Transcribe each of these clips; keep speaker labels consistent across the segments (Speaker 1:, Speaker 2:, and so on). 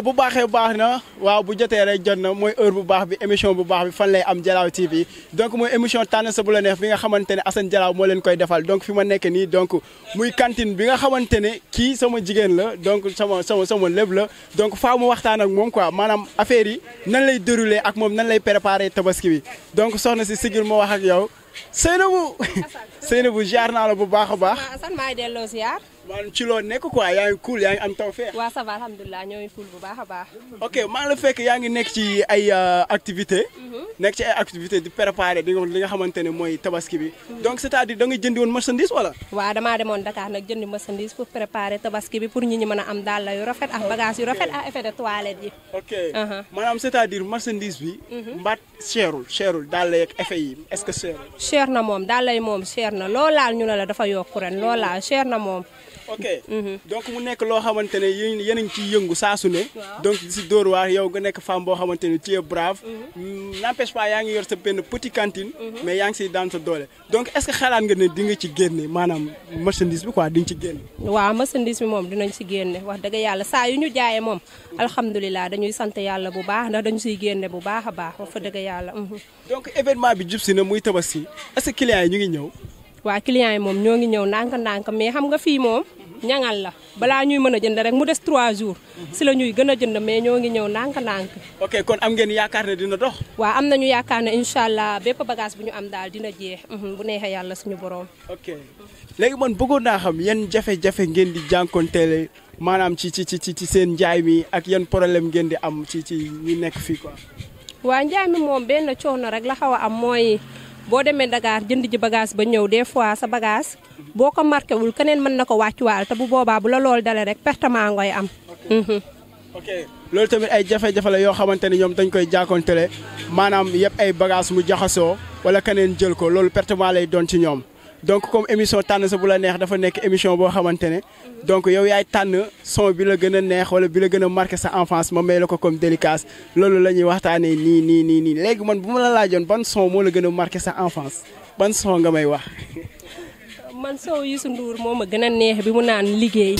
Speaker 1: bu baaxee baax na waaw bu jotee rek jot na mooy heure bu baax bi émission bu baax bi fan lay am Dialaw TV donc mooy émission tànn sa bu la neex bi nga xamante ne Assane Dialaw moo leen koy defal donc fi ma nekk nii donc muy cantine bi nga xamante ne kii sama jigéen la donc sama sama sama lépp la donc faa mu waxtaan ak moom quoi maanaam affaire yi nan lay déroulé ak moom nan lay préparé tabaski bi donc soxna si sigil ma wax ak yow Seynabou bu jaar naa la bu baax a baax. waaw
Speaker 2: Assane maay delloo ziar. maanaam ci loo nekk quoi yaa ngi cool yaa ngi am tawfeex. waaw ça va alhamdulilah ñoo ngi bu baax a baax.
Speaker 1: ok maa la fekk yaa ngi nekk ci ay euh, activité mhm. nekk ci ay activité di préparer di li nga xamante ne mooy tabaski bi. donc cest à da nga jëndi woon marchandise wala.
Speaker 2: waa damaa demoon Dakar nag jëndi marchandise pour préparer tabaski bi pour ñi ñi mën a am dàll yu rafet ak bagage yu rafet ak effet de toilette yi. ok
Speaker 1: uh-huh. maanaam c'est-à-dire marchandise bi. Mhm. mbaat cherul cherul dàll yeeg effet yi est-ce que
Speaker 2: cherul. na moom dàll yi moom cher na loo laal ñu ne dafa yokk ren loo laal cher na moom
Speaker 1: ok mhm. donc mu nekk loo xamante ne yéen yéen a ngi ciy yëngu saa su ne. donc si Dóor waar yow nga nekk femme boo xamante ne tu es brave. Mhm.
Speaker 2: Mm, n'empêche pas yaa ngi yor
Speaker 1: sa benn petit cantine. Mhm. mais yaa ngi siy daan sa doole donc est-ce que xalaat nga ne di nga ci génne maanaam marchandise bi quoi di nga ci génne.
Speaker 2: waaw marchandise bi moom dinañ si génne wax dëgg yàlla saa yu ñu jaayee moom alhamdulilah dañuy sant yàlla bu baax ndax dañu siy génne bu baax a baax wax fa dëgg yàlla.
Speaker 1: donc événement bi jub si na muy tabaski est-ce que clients yi ñu ngi ñëw.
Speaker 2: waa client yi moom ñoo ngi ñëw ndànk-ndànk mais xam nga fii moom ñaŋal la balaa ñuy mën a jënd rek mu des trois jours si la ñuy gën a jënd mais ñoo ngi ñëw ndànk-ndànk
Speaker 1: ok kon am ngeen yaakaar ne dina dox
Speaker 2: waa am nañu yaakaar ne incha allah bépp bagage bu ñu am daal dina jeex mhm, bu neexee yàlla suñu borom ok
Speaker 1: léegi man bëggoon naa xam yan jafe-jafe ngeen di jànkoonteele maanaam ci ci ci ci seen njaay mi ak yan problème ngeen di am ci ci ñu nekk fii quoi
Speaker 2: waa njaay rek la xaw am mooy boo demee Dakar jënd ji bagage ba ñëw dee fois sa bagage boo ko marqué wul keneen mën na ko wàccuwaal te bu boobaa bu la lool dalee rek pertement ngoy am. Mhm.
Speaker 1: loolu tamit ay jafe yoo xamante ne ñoom dañ koy jàkkoontele maanaam yëpp ay bagage mu jaxasoo wala keneen jël ko loolu pertement lay doon ci ñoom donc comme émission tànn sa bu la neex dafa nekk émission boo xamante ne. donc yow yaay tànn son bi la gën a neex wala bi la gën a marqué sa enfance ma may la ko comme délicace loolu la ñuy waxtaanee nii nii nii léegi man bu ma la laajoon ban son moo la gën a marqué sa enfance ban son nga may wax.
Speaker 2: man son Youssou Ndour moo ma gën a neex bi mu naan liggéey.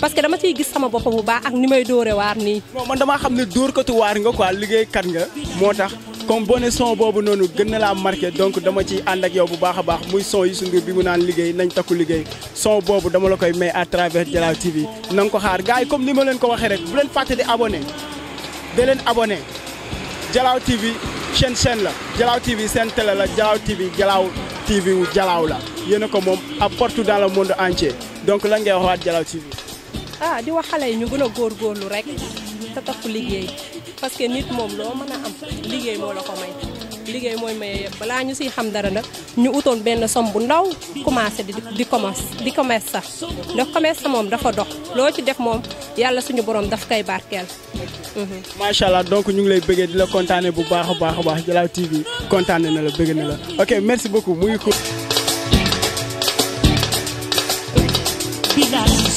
Speaker 2: parce que dama ciy gis sama bopp bu baax ak ni may dóore waar nii. non man xam
Speaker 1: ne dóor dóorkatu waar nga liggéey kat nga moo tax. comme bone son boobu noonu gën na am marqué donc dama ci ànd ak yow bu baax a baax muy son Youssou Ndour bi mu naan liggéey nañ takku liggéey son boobu dama la koy may à travers Dialaw TV na ko xaar gars yi comme ni ma leen ko waxee rek bu leen fàtte di abonné da leen abonné Dialaw TV chaîne chaîne la Dialaw TV seen télé la Dialaw TV Dialaw TV wu Dialaw la yéen ko moom à partout dans le monde entier donc lan ngay wax waa Dialaw TV.
Speaker 2: ah di wax xale yi ñu gën a góor góorlu rek te topp liggéey parce que nit moom loo mën a am liggéey moo la ko may liggéey mooy maye yëpp balaa ñu siy xam dara nag ñu utoon benn somme bu ndaw commencé di di commerce di commerce sax ndax commerce sa moom dafa dox loo ci def moom yàlla suñu borom daf koy barkeel.
Speaker 1: Mhm. macha allah donc ñu ngi lay bëggee di la kontaanee bu baax a baax a baax Dialaw TV kontaane na la bëgg na la ok merci beaucoup muy.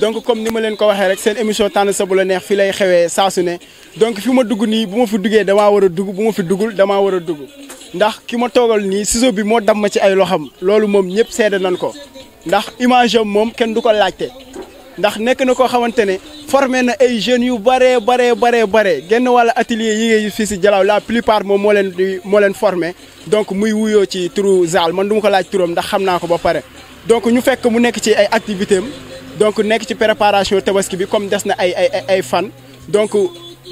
Speaker 1: donc comme ni ma leen ko waxee rek seen émission tànn sa bu la neex fi lay xewee saa su donc fi ma dugg ni, bu fi duggee damaa war a dugg bu fi duggul dama war a dugg ndax ki ma toogal nii ciseau bi moo damm ci ay loxam loolu moom ñëpp seede nañ ko ndax image am moom kenn du ko laajte ndax nekk na koo xamante ne formé na ay jeunes yu bare bare bare bare genn wàlla atelier yige ngay fii si la plupart mo moo leen moo leen formé donc muy wuyoo ci turu Zal man du ma ko laaj turam ndax xam ko ba pare donc ñu fekk mu nekk ci ay activités donc nekk ci préparation tabaski bi comme des na ay ay ay fan donc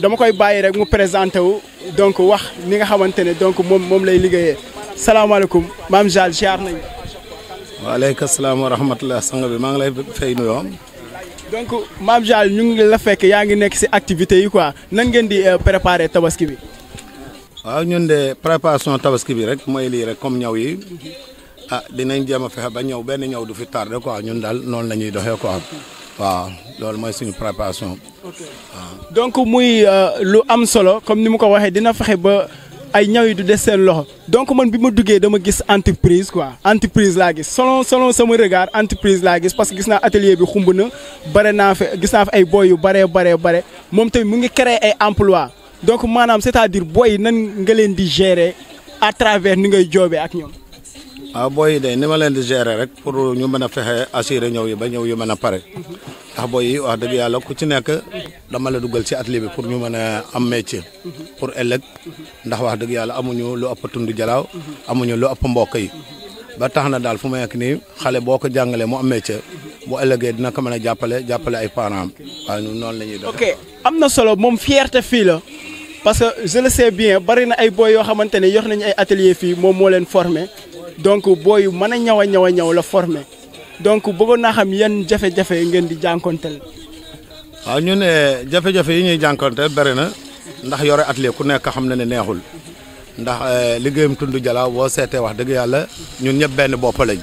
Speaker 1: dama koy bàyyi rek mu présenté wu donc wax li nga xamante ne donc moom moom lay liggéeyee salaamaaleykum maam Jal ziar nañ
Speaker 3: waaleykum salaam wa rahmatulah sang bi maa ngi lay fay nuyoo.
Speaker 1: donc maam Jal ñu ngi la fekk yaa ngi nekk si activités yi quoi nan ngeen di euh, préparer tabaski bi.
Speaker 3: waaw ñun de préparation tabaski bi rek mooy lii rek comme ñaw yi. ah dinañ jéem a fexe ba ñëw benn ñëw du fi tardé quoi ñun daal noonu la ñuy doxee quoi waaw loolu mooy suñu préparation.
Speaker 1: waaw donc muy euh, lu am solo comme ni mu ko waxee dina fexe ba ay ñaw yi du des seen loxo donc man bi ma duggee dama gis entreprise quoi entreprise laa gis solo selon sama regard entreprise laa gis parce que gis naa atelier bi xumb na bare naa fa gis naa fa ay boy yu bare bare bare moom tamit mu ngi créer ay emploi donc maanaam c'est-à-dire boy nan nga leen di à travers ni ngay joobee ak ñoom.
Speaker 3: waaw ah, booy de ni ma leen di gere rek pour ñu mën a fexe assurer ñow yi ba ñëw yi mën a pare ndax booy yi wax dëgg yàlla ku ci nekk dama la dugal si atelier bi pour ñu mën a am métier pour ëllëg ndax wax dëgg yàlla amuñu lu ëpp tund jalaaw amuñu lu ëpp mbokk yi ba tax na daal fu ma nekk nii xale boo ko jàngalee mu am métier bu ëllëgee dina ko mën a jàppale jàppale ay parents am waaye ñun noonu la ñuy
Speaker 1: doon. ok am na solo moom fierté fii la. parce que je bien bari na ay boy yoo xamante ne yox nañu ay atelier fii moom moo leen formé donc booy yu mën a ñaw a ñaw a ñaw la forme donc bëggoon naa xam yan jafe-jafe ngeen di jànkonteel.
Speaker 3: waaw ñu ne jafe-jafe yi ñuy jànkonteel bari na ndax yore atelier ku nekk xam na ne neexul ndax eh, liggéeyam tundu jala boo seetee wax dëgg yàlla ñun ñëpp benn bopp lañ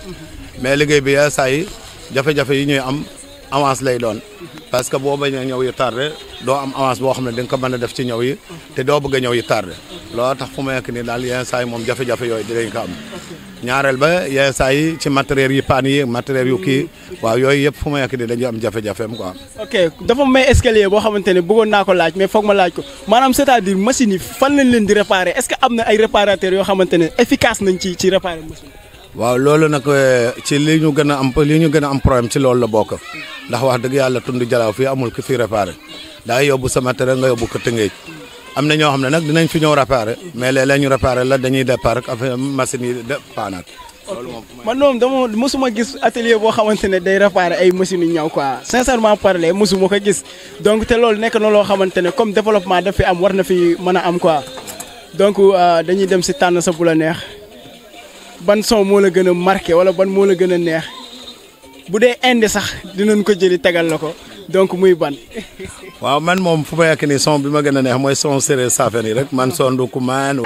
Speaker 3: mais liggéey bi yaa saa yi jafe-jafe yi ñuy am avance lay doon parce que boo bañ a ñëw yu tardé doo am avance boo xam ne di nga ko mën a def ci ñëw yi te doo bëgg a ñëw yu tardé loolu tax fu mu nekk nii daal yenn saa moom jafe yooyu dinañ ko am. ñaareel ba yenn yi ci matériel yi paan yi matériel yu kii waaw yooyu yëpp fu ma yàq di dañuy am jafe-jafeem quoi. ok dafa may escalier boo
Speaker 1: xamante ne bëggoon naa ko laaj mais foog ma laaj ko maanaam c'est-à-dire machine yi fan lañ leen di réparer est am na ay réparateurs yoo xamante ne efficace nañ ci ci réparer machine
Speaker 3: waaw loolu nag euh, ci li ñu gën a am li ñu gën am problème ci loolu la book ndax wax dëgg yàlla tund jalaaw fi amul ki fi réparer daa yóbbu sa matériel nga yóbbu ko tëngeej am na ñoo xam ne nag dinañ fi ñëw réparé mais léeg ñu réparé la dañuy départ ak affaire machine yi de paanaat. man moom dama mosuma
Speaker 1: gis atelier boo xamante ne day réparer ay machines yu ñaw quoi sincèrement parler mosuma ko gis donc te loolu nekk na loo xamante ne comme développement daf fi am war na fi mën a am quoi donc euh, dañuy dem si tànn sa bu la neex ban son moo la gën a marqué wala ban moo la gën a neex. bu dee inde sax di dinañ ko jëli tegal la ko donc muy ban.
Speaker 3: waaw man moom fu ma yàq nii bi ma gën a ne mooy son séeréer saafara yi rek man son du ku maan.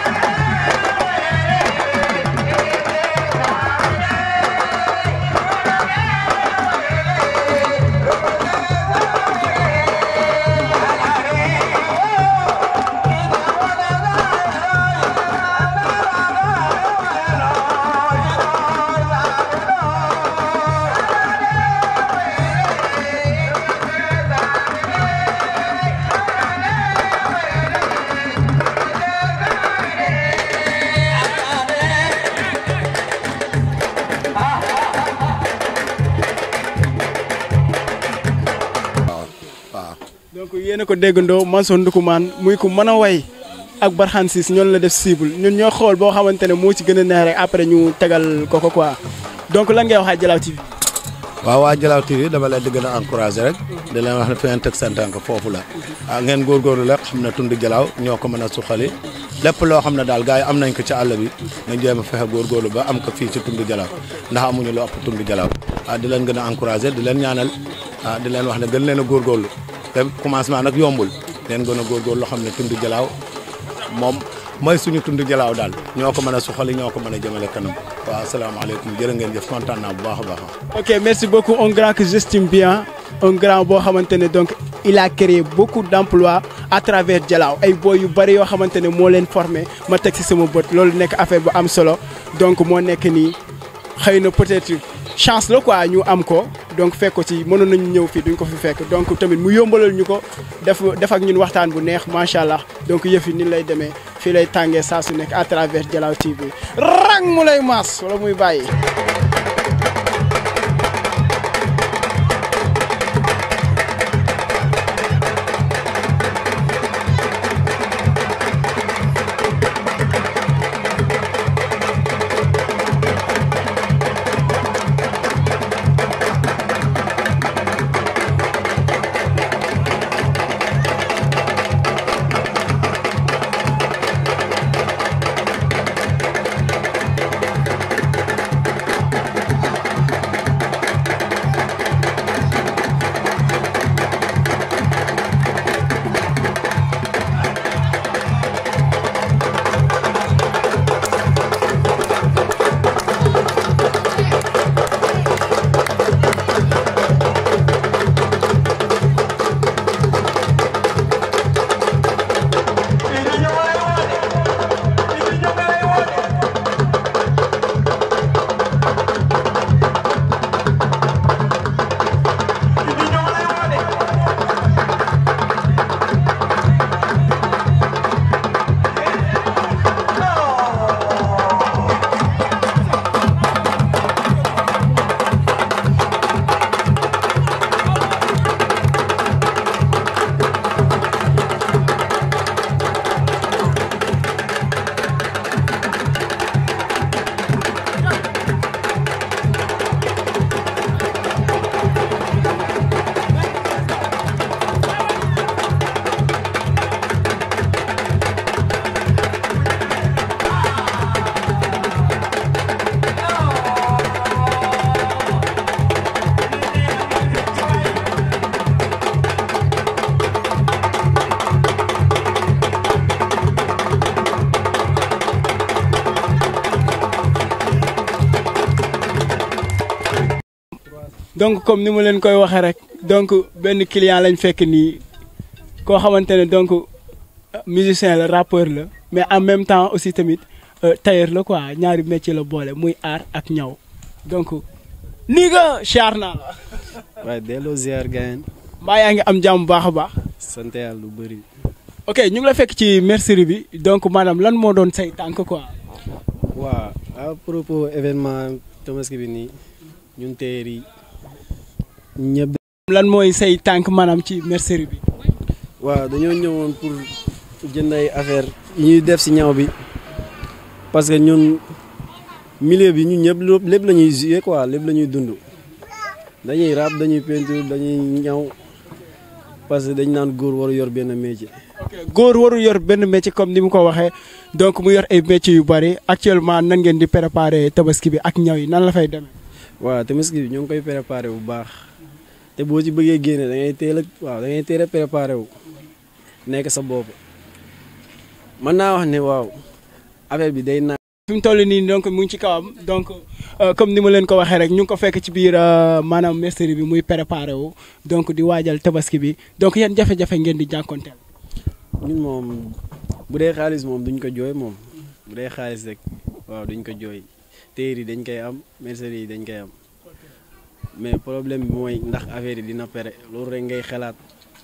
Speaker 1: yéen a ko déggandoo Mansour Ndoukoumane muy ku mën a way ak Barxaan Ciss ñoom la def cible ñun ñoo xool boo xamante ne moo ci gën a neex rek après ñu tegal ko ko quoi
Speaker 3: donc lan ngay wax ak Dialaw TV. waaw waa Dialaw TV dama leen di gën a encouragé rek di leen wax ne fi ngeen teg seen tànk foofu la ah góorgóorlu la xam ne tund Dialaw ñoo ko mën a suqali lépp loo xam ne daal gars yi am nañ ko ci àll bi nañ jéem fexe góorgóorlu ba am ko fii ci tund Dialaw ndax amuñu lu ëpp tund Dialaw ah di leen gën a encouragé di leen ñaanal ah di leen wax ne gën leen a góorgóorlu te commencement nak yombul leen gëna goor goor lo xam tundu tund jalaaw moom mooy suñu tundu jalaaw dal ñoko mëna mën ñoko mëna jëmele ko wa assalamu jëmale kanam waaw asalaamaaleykum ngeen jëf kontaan naa bu baaxa baaxa
Speaker 1: ok merci beaucoup un grand que j'estime bien un grand bo xamantene donc il a créé beaucoup d'emplois à travers Jalaaw ay boy, yu bari yo xamantene mo moo leen formé ma teg ci sama bot loolu nek affaire bu am solo donc mo nek ni xeyna peut-être. chance la quoi ñu am ko donc fekko ko ci mënoon nañu ñëw fii duñ ko fi fekk donc tamit mu yombalal ñu ko def def ak ñun waxtaan bu neex macha allah donc yëf yi ni lay demee fii lay tàngee saa su nekk à travers Dialaw TV rang mu lay maas wala muy bàyyi. donc comme ni mo len koy waxe rek donc ben client lañ fekk ni ko xamantene donc musicien la rappeur la mais en même temps aussi tamit euh, tailleur la quoi ñaari métier la bolé muy art ak ñaw donc nii nga char naa la. waaye delloo ziar gayen. ba ya nga am jàmm bu baax a baax.
Speaker 4: sant yàlla lu beuri
Speaker 1: ok ñu ngi la fekk ci mercerie bi donc maanaam lan mo doon say tank quoi.
Speaker 4: wa à propos événement Thomas bi ñun tailleur ñebe. lan mooy say tànk maanaam ci mercerie bi. waaw dañoo ñëwoon pour jënd ay affaire ñuy def si ñaw bi parce que ñun milieu bi ñun ñëpp lépp la ñuy jouer quoi lépp la ñuy dund dañuy rab dañuy peinture dañuy ñaw parce que dañ naan góor
Speaker 1: waru yor benn métier. góor waru yor benn métier comme ni mu ko waxee donc mu yor ay métiers yu bari actuellement nangeen di préparer tabaski bi ak ñaw yi nan la fay demee. waa tabaski bi
Speaker 4: ñoo ngi koy préparer bu baax. te boo ci bëggee génne da ngay teel a waaw da ngay teel
Speaker 1: nekk sa bopp mën naa wax ne waaw affaire bi day naan. fi mu toll nii donc mu ngi ci kawam donc euh, comme ni ma leen ko waxee rek ñu ngi ko fekk ci biir euh, maanaam mestre bi muy préparé wu donc di waajal tabaski bi donc yan jafe-jafe ngeen di jànkonteel.
Speaker 4: ñun moom bu dee xaalis moom duñ ko jooy moom bu dee xaalis rek waaw duñ ko jooy téer dañ koy am mercerie yi dañ koy am. mais problème bi mooy ndax affaire yi dina pere loolu rek ngay xalaat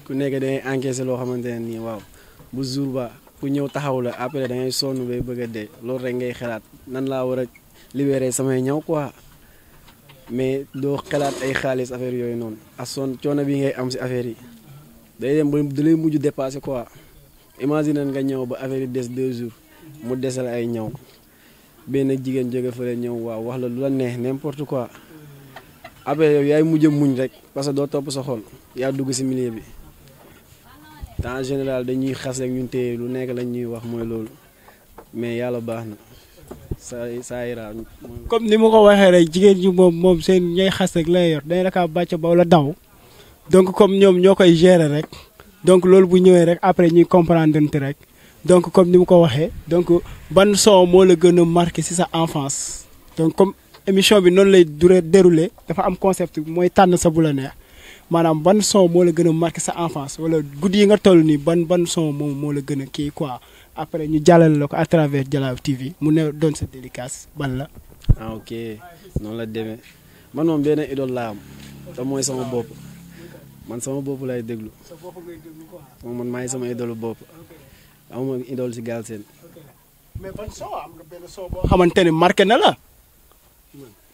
Speaker 4: ku nekk dangay encaissé loo xamante ne nii waaw bu jour ba ku ñëw taxaw la après dangay sonn bay bëgg a dee loolu rek ngay xalaat nan laa war a libérer samay ñaw quoi mais doo xalaat ay xaalis affaire yooyu noonu ak son coono bi ngay am si affaire yi day dem ba lay mujj dépasé quoi imagine nga ñëw ba affaire yi des deux jours mu desal ay ñaw benn jigéen jóge fële ñëw waaw wax la lu la neex n'importe après yow yaay mujj muñ rek parce que doo topp sa xol yaa dugg si milieu bi te général dañuy xas rek ñun lu nekk lañ ñuy wax mooy loolu mais yàlla baax na saa saa ira
Speaker 1: comme ni ma ko waxee rek jigéen ñi moom moom seen ñay xas rek lay yor dañ la bàcc ba wala daw donc comme ñoom ñoo koy gérer rek donc loolu bu ñëwee rek après ñuy comprendre rek donc comme ni mu ko waxee donc ban son moo la gën a marqué si sa enfance donc comme. émission bi noonu lay duré déroulé dafa am concept mooy tànn sa bu la neex maanaam ban son moo la gën a marqué sa enfance wala guddi yi nga toll nii ban ban son moom moo la gën a kii quoi après ñu jàllale la ko à travers Dialaw TV mu ne doon sa dédicace ban la.
Speaker 4: ah ok la demee man moom benn idole la am te mooy sama bopp man sama bopp lay déglu
Speaker 1: moom man maay sama idole bopp amuma idole si Galsen. mais xamante ne marqué na la.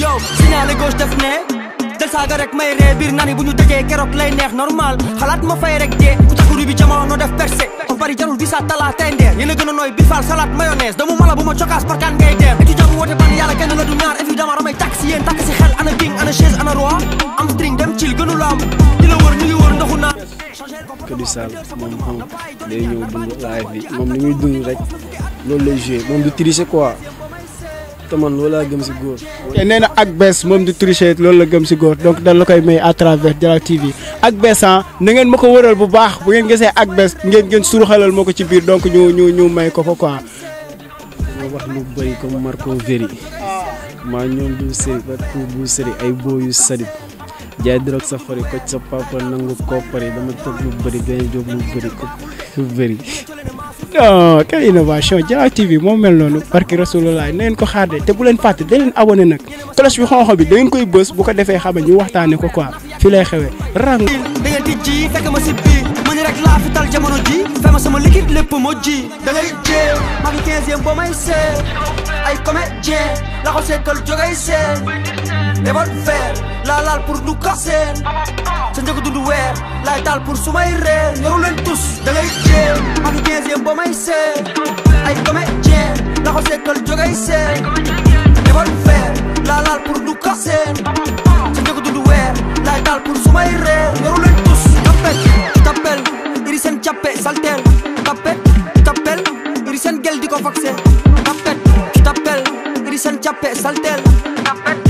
Speaker 5: yow signalé gauche def ne del rek may ree biir nani bu ñu dajee keroog lay neex normal xalaat ma fay rek dee ku takkuru bi jamono def percé on bari jarul di sa tala tey ndeer yéen a gën a nooy bi faal salade mayonnaise damu mala bu ma cokaas parkaan ngay deer étudiant bu woote ban yàlla kenn la du ñaar évidemment damay takk si yéen takk si xel ana king ana chaise ana roi am string dem cil gënu la wër ñu ngi wër ndoxu
Speaker 4: naa que moom day ñëw bi moom ni muy dund rek loolu lay joué moom du tricher te man loolu laa gëm si góor.
Speaker 1: te nee na ak bees moom di tricher loolu la gëm si góor donc dañ la koy may à travers Dialaw TV ak bees ah na ngeen ma ko wëral bu baax bu ngeen gisee ak bees ngeen ngeen suruxalal ma ko ci biir donc ñu ñu ñu may ko ko quoi.
Speaker 4: moo wax lu bëri ko Marco Verri maa ñoom du sëri ba pour bu sëri ay boo yu sadib jaay drogue sa xori ko sa papa nangu koppar yi dama tëb lu bëri gën a jóg lu bëri ko lu bëri.
Speaker 1: non quelle innovation Dialaw TV moom mel noonu barki Rasulullah na ngeen ko xaar de te bu leen fàtte da leen abonné nag cloche bi xonxo bi da ngeen koy bës bu ko defee xam ñu waxtaanee ko quoi fi lay xewee
Speaker 5: rang. rek laa fi tal jamono ji fema sama liquide lépp moo ji da ngay jéem maa ngi quinzième boo may seet ay comédien la ko seetal jógay seet ebon fer laa laal pour du kaseen sa njëgu dundu weer laay taal pour su may reer ñoru leen tus da ngay jéem maa ngi quinzième boo may seet ay comédien la ko seetal jógay seet ebon fer laa laal pour du kaseen sa njëgu dundu weer laay taal pour su may reer ñoru leen tapette tu t'appelles Irisen Chappé saltel tapette tu t'appelles Irisen Gel di ko faxé tapette tu t'appelles Irisen saltel tapette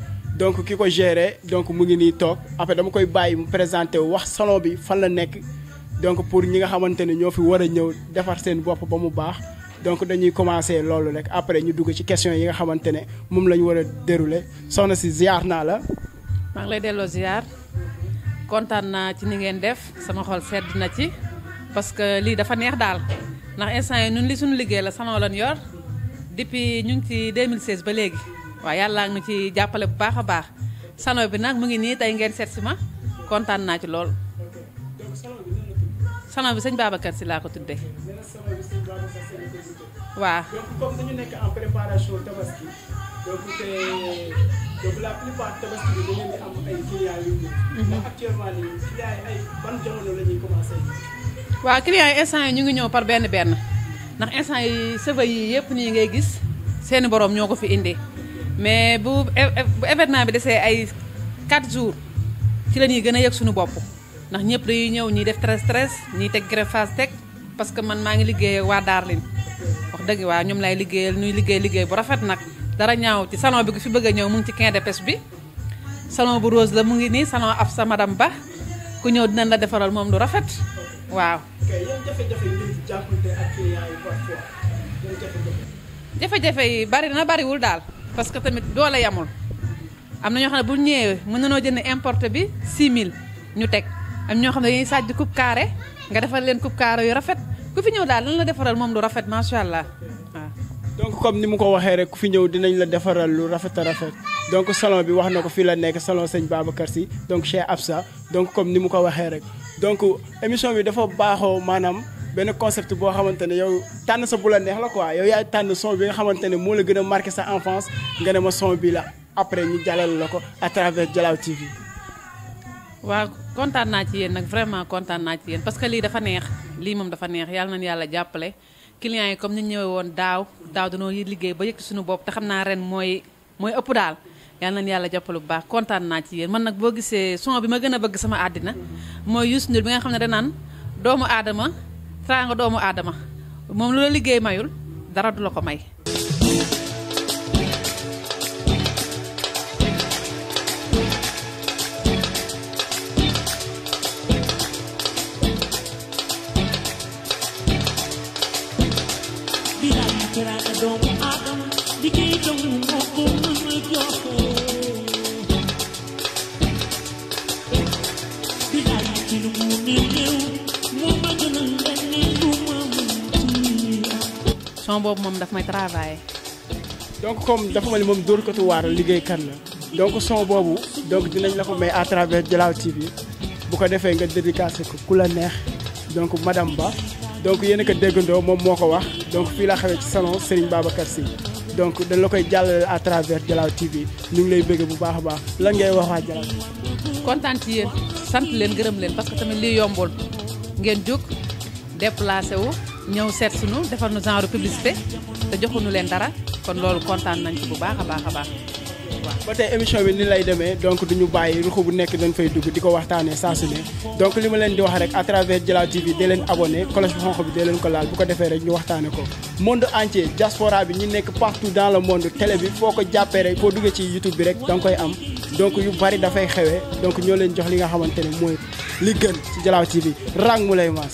Speaker 1: donc ki ko gérer donc mu ngi nii après dama koy bàyyi mu présenter wax salon bi fan la nek donc pour ñi nga xamantene ne ñoo fi wara a défar sen bop ba mu baax donc dañuy commencer lolu rek après ñu dugg ci question yi nga xamantene ne lañ wara dérouler soxna ci ziar na la.
Speaker 6: maa ngi lay delloo ziar kontaan naa ci ni ngeen def sama xol sedd na ci parce que li dafa neex dal ndax instant yi ñun li suñu liggéey la salon lañ yor depuis ñu ngi ci 2016 ba légui waaw yàlla ngi ci jàppale bu baax a baax salon bi nag mu ngi nii tey ngeen seet si ma kontaan naa ci lool salon bi sëñ Babacar si laa ko tuddee
Speaker 1: waaw comme dañu nekk en préparation tabaski donc te donc la plupart tabaski bi dañu am ay clients yu mhm. ndax actuellement nii clients yi ay ban
Speaker 6: jamono la ñuy commencé waaw clients yi instant yi ñu ngi ñëw par benn benn ndax instant yi cheveux yi yëpp nii ngay gis seen borom ñoo ko fi indi mais e, e, bu événement bi desee ay 4 jours ci la ñuy gën a suñu bop ndax ñepp dañuy def stress ñuy teg greffage teg parce que man maa ngi liggéey waa Darlin wax dëgg waa ñoom lay liggéeyal ñuy liggéey liggéey bu rafet nak dara ñaaw ci salon bi ku fi bëgg a mu ngi ci quai de bi salon bu rose la mu ngi nii salon af madame Ba ku dinañ la lu rafet waaw. yi bari na wul dal parce que tamit doole yamul am na ñoo xam ne bu ñëwee mën ñoo jënd importe bi 6000 ñu teg am ñoo xam ne dañuy sàjj coupe carré nga defal leen coupe carré yu rafet ku fi ñëw daal lan la defaral moom lu rafet macha allah waaw.
Speaker 1: donc comme ni mu ko waxee rek ku fi ñëw dinañ la defaral lu rafet a rafet donc salon bi wax na ko fii la nekk salon sëñ Babacar Sy donc chez sa donc comme ni mu ko waxee rek donc émission bi dafa baaxoo maanaam. benn concept boo xamante ne yow tànn sa bu la neex la quoi yow yaay tànn son bi nga xamante ne moo la gën a marqué sa enfance nga ne ma son bi la après ñu jàllale la ko à travers Dialaw TV.
Speaker 6: waaw kontaan naa ci yéen nag vraiment kontaan naa ci yéen parce que lii dafa neex lii moom dafa neex yàlla nañu yàlla jàppale clients yi comme ni ñu ñëwee woon daaw daaw dañoo liggéey ba yëkk suñu bopp te xam naa ren mooy mooy ëpp daal. yàlla nañu yàlla jàppale bu baax kontaan naa ci yéen man nag boo gisee son bi ma gën a bëgg sama àddina mooy Youssou Ndour bi nga xam ne danaan doomu aadama. teraanga doomu aadama moom lu la liggéey mayul dara du la ko may. son boobu mom daf may travail.
Speaker 1: donc comme dafa mel mom dor ko to war liggéey kan la donc son bobu donc dinañ la ko may à travers la TV bu ko defee nga dédicacer ko kula neex donc madame Ba donc yene ka deggando mom moko wax donc fi la xawé ci salon Serigne Babacar Sy donc dañ la koy jallal à travers la TV ñu ngi lay bëgg bu baax baax lan ngay wax wa Dialaw.
Speaker 6: kontaan ci yéen sant leen gërëm leen parce que tamit li yombol ngeen juk déplacer wu. ñëw seet sunu defal nu genre publicité te joxuñu leen dara kon loolu kontaan nañ bu baax a baax a baax. ba tey
Speaker 1: émission bi ni lay demee donc duñu bàyyi ruxu bu nekk dañ fay dugg di ko waxtaanee saa su ne donc li ma leen di wax rek à travers Dialaw TV dee leen abonné cloche dee leen ko laal bu ko defee rek ñu waxtaane ko nekk partout dans le monde télé bi foo ko jàppee rek foo duggee ci YouTube bi rek da nga koy am donc yu bari dafay xewee donc ñoo leen jox li nga xamante ne mooy li gën ci Dialaw TV rang mu lay maas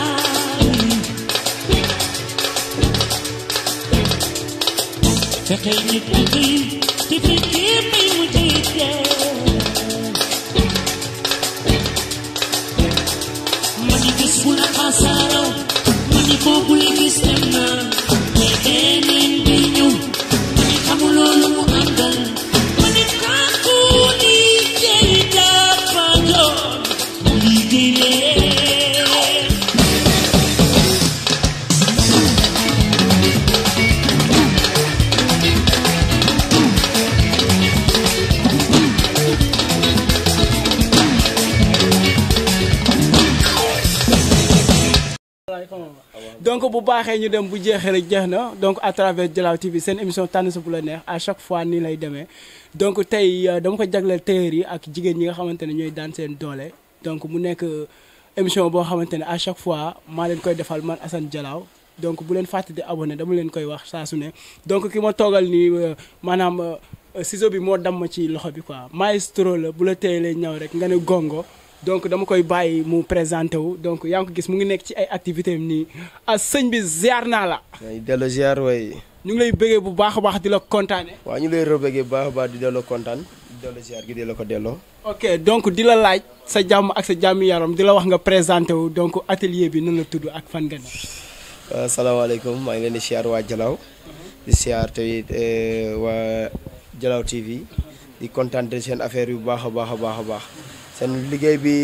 Speaker 7: Checking it, checking, checking, bem muito checking. Mas que sulla passaram, mas que populi que
Speaker 1: waxee ñu dem bu jéxé rek jeex donc à travers Dialaw TV seen émission tan sa bu la neex à chaque fois ni lay démé donc tay euh, dama ko jagleel tailleur yi ak jigéen ñi nga xamanténi ñoy ñooy daan seen donc mu nekk euh, émission bo xamanténi à chaque fois ma leen koy défal man Assane Dialaw donc bu leen fàtte di abonné dama leen koy wax saa su ne donc ki ma toogal nii euh, maanaam ciseau bi moo damm ci loxo bi quoi maestro la bu la téye lay ñaw rek nga ne gongo. donc dama koy bàyyi mu présenté wu donc yaa ngi ko gis mu ngi nekk ci ay activité am nii ah sëñ bi ziar naa la. waaw delloo ziar way. ñu ngi lay bëggee bu baax a baax di la kontaane. waaw ñu lay rëbbëggee baax a baax di delloo
Speaker 8: kontaan di ziar gi di la ko delloo.
Speaker 1: ok donc di la laaj sa jàmm ak sa jàmm yaram di la wax nga présenté wu donc atelier bi nan la tudd ak fan nga ne.
Speaker 8: Euh, salaamaaleykum maa ngi leen di ziar waa Jalaw. di ziar tamit euh, waa Jalaw TV. di kontaan seen affaire yu baax a baax a baax a baax. seen liggéey bi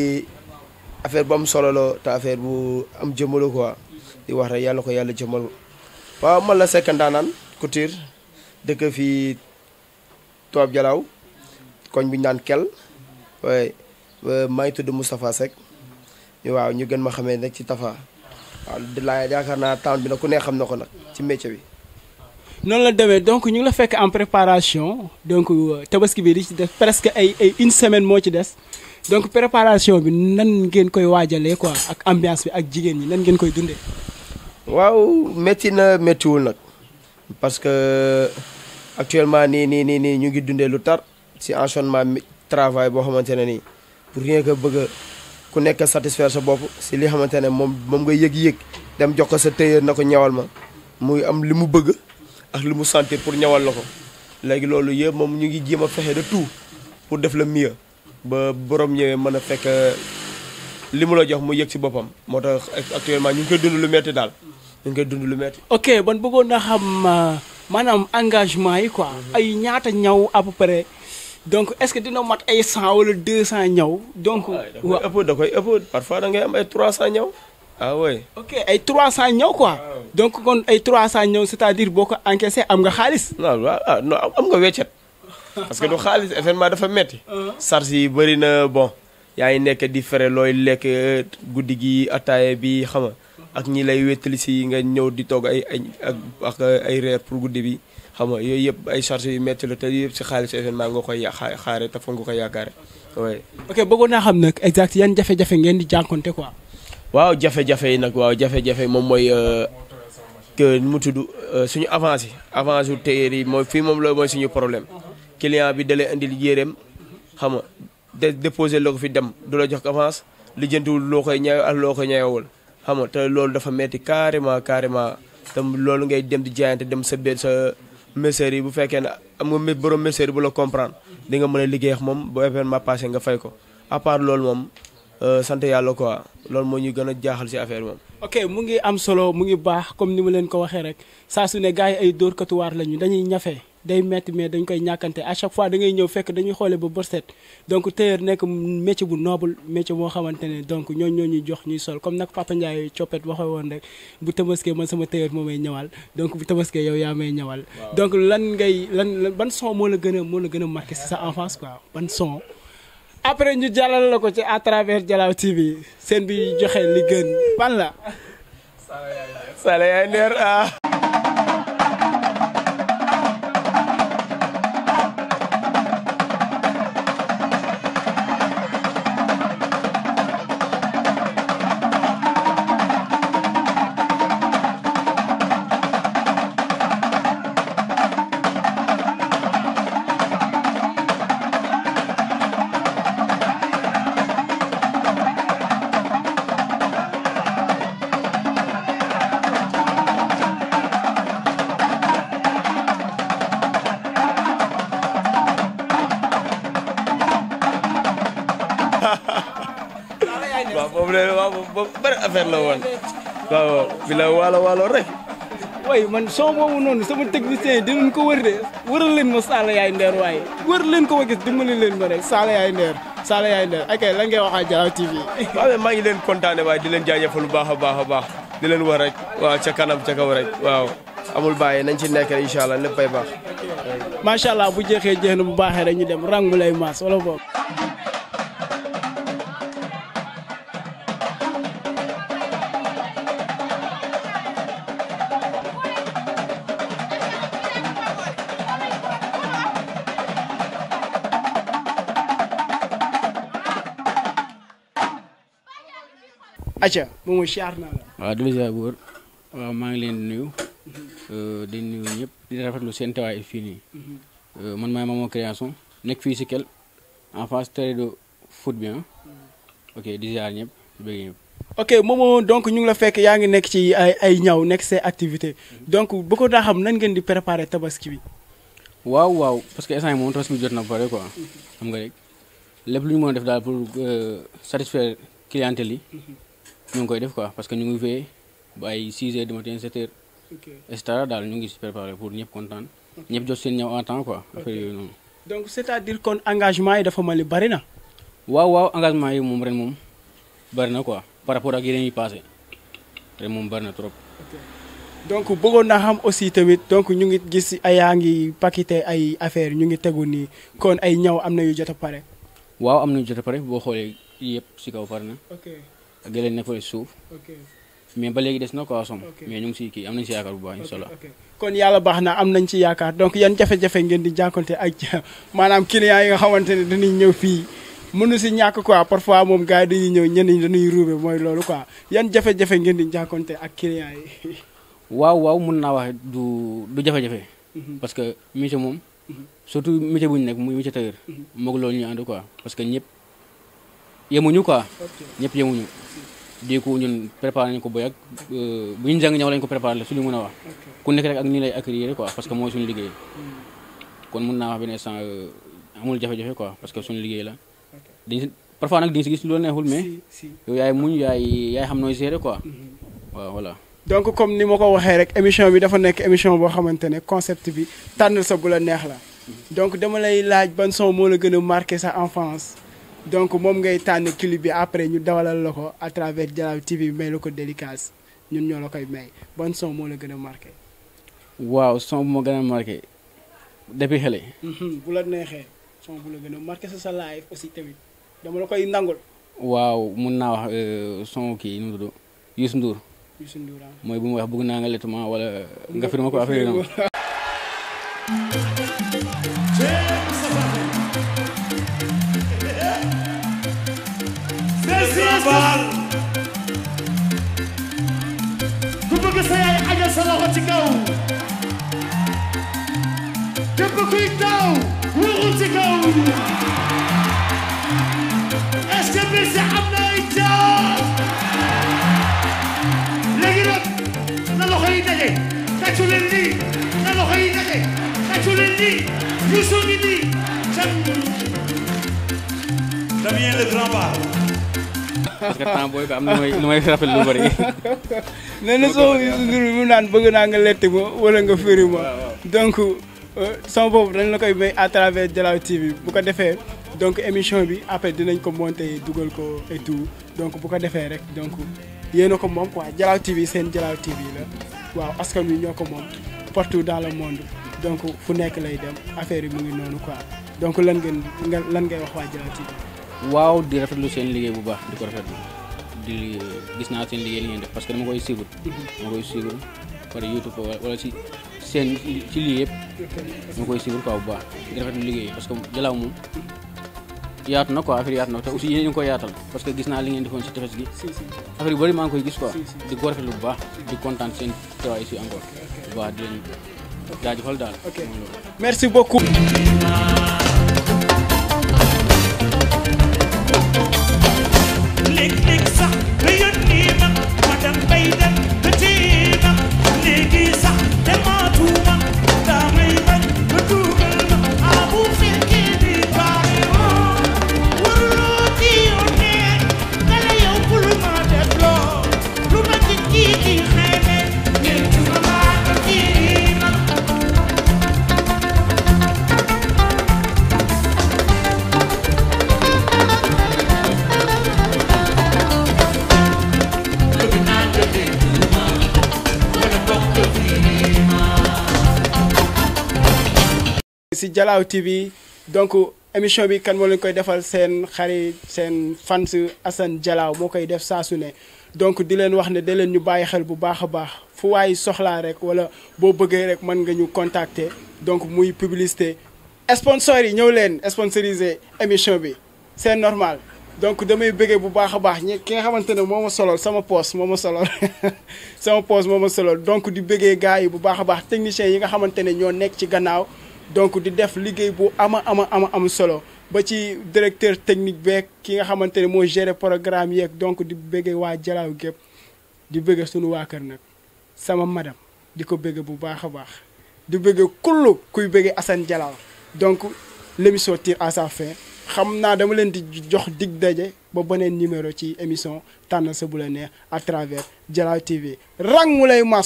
Speaker 8: affaire ba mu solo la te affaire bu am jëmmalu quoi di wax rek yàlla ko yàlla jëmmal waaw man la Seck Ndanane Couture dëkk fii Tubaab Jalaaw koñ bi ñu naan kel waaye maa ngi tudd Moustapha waaw ñu gën ma xamee nag ci Tafa waaw di laa yaakaar naa temps bi nag ku ne xam na ko nag ci métier bi.
Speaker 1: noonu la demee donc ñu ngi la fekk en préparation donc euh, tabaski bi di ci def presque ay ay une semaine moo ci des donc préparation bi nan ngeen koy waajalee quoi ak ambiance bi ak jigéen ñi nan ngeen koy dundee.
Speaker 8: waaw métti na méttiwul nag parce que actuellement nii nii nii nii ñu ngi dundee lu tar si enchaînement travail boo xamante ne nii pour rien que bëgg ku nekk satisfaire sa bopp si li xamante ne moom moom nga yëg-yëg dem jox ko sa tailleur na ko ñawal ma muy am li mu bëgg ak li mu sentir pour ñawal la ko léegi loolu yëpp moom ñu ngi jéem a fexe de tout pour def le mieux. ba borom ñëwee mën a fekk euh, li mu la jox mu yëg si boppam moo tax actuellement ñu ngi koy dund daal ñu ngi koy dund lu metti
Speaker 1: ok ban bëggoon na xam euh, maanaam engagement yi quoi. Mhm. ay ñaata ñaw à peu près donc est-ce que dina mat ay cent wala deux cent ñaw. donc ah, waaw ëpp da koy ëpp da ngay ay trois cent ñaw. ah oui ok ay ñëw quoi. Ah donc kon ay
Speaker 8: 300 ñëw c'est-à-dire boo ko encaissé am nga xaalis. waaw ah, am nga weccet. parce que du xaalis événement dafa metti uh-huh. charge yi bëri na bon yaa ngi nekk di fere looy lekk guddi gi ataaya bi xam nga ak ñi lay wéttali si nga ñëw di togg ay ay ak ay reer pour guddi bi xam nga yooyu yëpp ay charge yu metti la te yëpp si xaalis événement nga koy xaare te fa nga ko yaakaare oui.
Speaker 1: ok bëggoon naa xam nag exact yan jafe-jafe ngeen di jànkonte quoi.
Speaker 8: waaw jafe-jafe yi nag waaw jafe-jafe moom mooy euh, que mu tudd euh, suñu avancé avancé wu yi mooy fii moom la mooy suñu problème. client bi dalee indil yéreem xam nga de déposer la fi dem dula jox avance lijjantiwul loo koy ñaaw ak loo koy ñaawul xam nga te loolu dafa metti carrément carrément tam loolu ngay dem di jaayante dem sa biir sa messerie bu fekkee ne am nga borom messerie bu la comprendre di nga mëna liggéey ak bo bu ma passé nga fay ko à part mom euh sant yalla quoi loolu mo ñu gëna jaaxal si affaire mom ok mu ngi am solo mu ngi baax comme ni mulen leen ko waxee rek
Speaker 1: saa su ne gars yi ay dóorkatuwaar lañu dañuy ñafe day metti mais dañ koy ñàkkante à chaque fois dangay ñëw fekk dañuy xoolee ba borset donc tailleur nekk métier bu noble métier boo xamante ne donc ñooñ ñoo ñuy jox ñuy sol comme nag Papa coppet waxe woon rek bu tabaskee man sama tailleur moo may ñëwal donc bu tabaskee yow yaa may ñëwal donc lan ngay lan ban son moo la gën a moo la gën a marqué si sa enfance quoi ban son après ñu jàllal la ko ci à travers Dialaw TV seen bi joxee li gën ban la Sala yaay Nder ah.
Speaker 8: la woon waaw bi la waalo waalo rek
Speaker 1: waaye man son boobu noonu sama technicien di dinañ ko wër de wëral leen ma Saala yaay ndeer waaye wër leen ko ma di dimbali leen ma rek Saala yaay ndeer Saala yaay ndeer ak lan ngay waxaa Dialaw TV
Speaker 8: maa ngi leen kontaane waaye di leen jaajëfal lu baax a baax baax di leen wax rek waaw ca kanam ca kaw rek waaw amul bàyyi nañ ci nekk incha allah léppay baax
Speaker 1: macha allah bu jeexee jeex na bu baaxee rek ñu dem rang mu lay maas wala boobu acca moom mooy
Speaker 9: maa ngi leen di nuyu euh, di nuyu ñëpp di rafetlu seen tawaay fii nii euh, man maay Mamo nekk fii si kel en face terrain de foot ah. ok di ziar ñëpp di bëgg ñëpp. ok
Speaker 1: Momo ñu ngi la fekk yaa ngi nekk ci ay ay nekk say activité donc bu ko daa xam nan ngeen di préparer tabaski bi.
Speaker 9: waaw waaw que instant moom tabaski jot na ba pare quoi xam nga rek lépp lu ñu mën def daal pour euh, satisfaire clientèle ñu ngi koy def quoi parce que ñu ngi veillé ba ay 6 heures du matin 7 heures. ok daal ñu ngi si préparé pour ñëpp kontaan. ñëpp jot seen ñëw en temps quoi. affaire
Speaker 1: donc c' est à dire kon engagement yi dafa mel ni bari na.
Speaker 9: waaw waaw engagement yi moom rek moom bari na quoi par rapport ak yeneen yi passé ren moom bari na trop. donc bëggoon
Speaker 1: naa xam aussi tamit donc ñu ngi gis yaa ngi paqueté ay affaire ñu ngi tegu nii kon ay ñaw am na yu jot a pare.
Speaker 9: waaw am na yu jot a pare boo xoolee yëpp si kaw pare na. ak yeneen nekk fooy suuf. mais ba léegi des na quoi som mais ñu ngi siy kii am nañ si yaakaar bu baax incha allah
Speaker 1: kon yàlla baax na am nañ ci yaakaar donc yan jafe-jafe ngeen di jànkonte ak maanaam clients yi nga xamante ne dañuy ñëw fii mënu si ñàkk quoi parfois moom gars yi dañuy ñëw ñenn ñi dañuy
Speaker 9: ruube mooy loolu quoi yan jafe-jafe ngeen di jànkonte ak clients yi waaw waaw mun naa wax du du jafe-jafe mhm. parce que métier moom mhm. surtout métier bu ñu nekk muy métier tailleur mhm. moog loolu ñu ànd quoi parce que ñëpp yemuñu quoi ñëpp yemuñu di ko ñun préparé nañu ko boy euh, bu ñu jàng ñëw lañ ko préparé la su ñu mën a wax ku nekk rek ak ni lay accueillir quoi parce que mooy suñu liggéey hmm. kon mun naa wax euh, parce que suñu liggéey la dañ parfois nag di si gis loolu neexul mais yow yaay muñ yaay yaay xam nooy gérer quoi hmm. waaw
Speaker 1: donc comme ni ma ko waxee rek émission bi dafa nekk émission boo xamante ne concept bi tànnal sa bu la neex la hmm. donc dama lay laaj ban son moo la gën a marqué sa enfance donc moom ngay tànn kili bi après ñu dawalal la ko à travers Dialaw TV may la ko dédicace ñun ñoo la koy may ban son moo la gën a marqué.
Speaker 9: waaw son bu ma gën a marqué depuis xale.
Speaker 1: Mhm, bu la neexee son bu la gën a marqué sa sa live aussi tamit dama la
Speaker 9: koy nangul. waaw mun naa wax euh, son kii nu mu tudd Youssou Ndour. Ah. mooy bu mu wax bëgg naa nga lettuma wala nga firma ko affaire yi
Speaker 7: to go. Jump a quick now, we're all to go. Es gibt diese Abneigung. Leg it up. Na noch ein Ding. Catch you in the. Na noch ein Ding. Catch you in the. You so in the.
Speaker 1: Damien le grand bar. parce que temps booy
Speaker 9: bi am na lu may lu may rafet lu bëri.
Speaker 1: nee na soo ndur bi mu naan bëgg naa nga letti ma wala nga firi ma. donc euh, sama boobu dañ la koy may à travers Dialaw bu ko defee donc émission bi après dinañ ko monter dugal ko et tout donc bu ko defee rek donc yéen a ko moom quoi Dialaw TV seen Dialaw TV la waaw askan wi ñoo ko moom partout dans le monde donc fu nekk lay dem affaire yi mu noonu quoi donc lan ngeen lan ngay wax waa Dialaw TV.
Speaker 9: waaw di rafet lu seen liggéey bu baax di ko rafet rafetlu di gis naa seen liggéey li ngeen def parce que dama koy suivre. dama koy suivre par YouTube wala si seen ci lii yëpp dama koy suivre bu baax liggéey parce que Jalaaw moom yaatu na ko affaire yaatu na te aussi yéen a ngi koy yaatal parce que gis naa li ngeen defoon si tefes gi. affaire yu bëri maa ngi koy gis quoi di ko rafetlu bu baax di kontaan seen teewaay si encore bu baax di leen jaajëfal daal.
Speaker 1: merci beaucoup. make, make, Dialaw TV donc émission bi kan moo leen koy defal seen xarit seen fans Assane Dialaw moo koy def saa su ne donc di leen wax ne da leen ñu bàyyi xel bu baax a baax fu waay soxlaa rek wala boo bëggee rek mën nga ñu contacter donc muy publicité sponsor yi ñëw leen sponsoriser émission bi seen normal donc damay bëggee bu baax a baax ñi ki nga xamante ne moo ma solol sama poos moo ma solol sama poos moo ma solol donc di bëggee gars yi bu baax a baax techniciens yi nga xamante ne ñoo nekk ci gannaaw donc di def liguey bu ama ama ama am solo ba ci directeur technique beeg ki nga xamantene ne gérer programme yek donc di bëggee wa Jalaaw gep di bëgg sunu wa kër nak sama madame diko ko bu baax a baax di bëgg kullu kuy bëgg Assane Jalaaw donc l'émission tire à sa fin xamna dama len di jox dig daje ba beneen numéro ci émission tan sa bu la neex à travers Jalaaw TV rang mu mas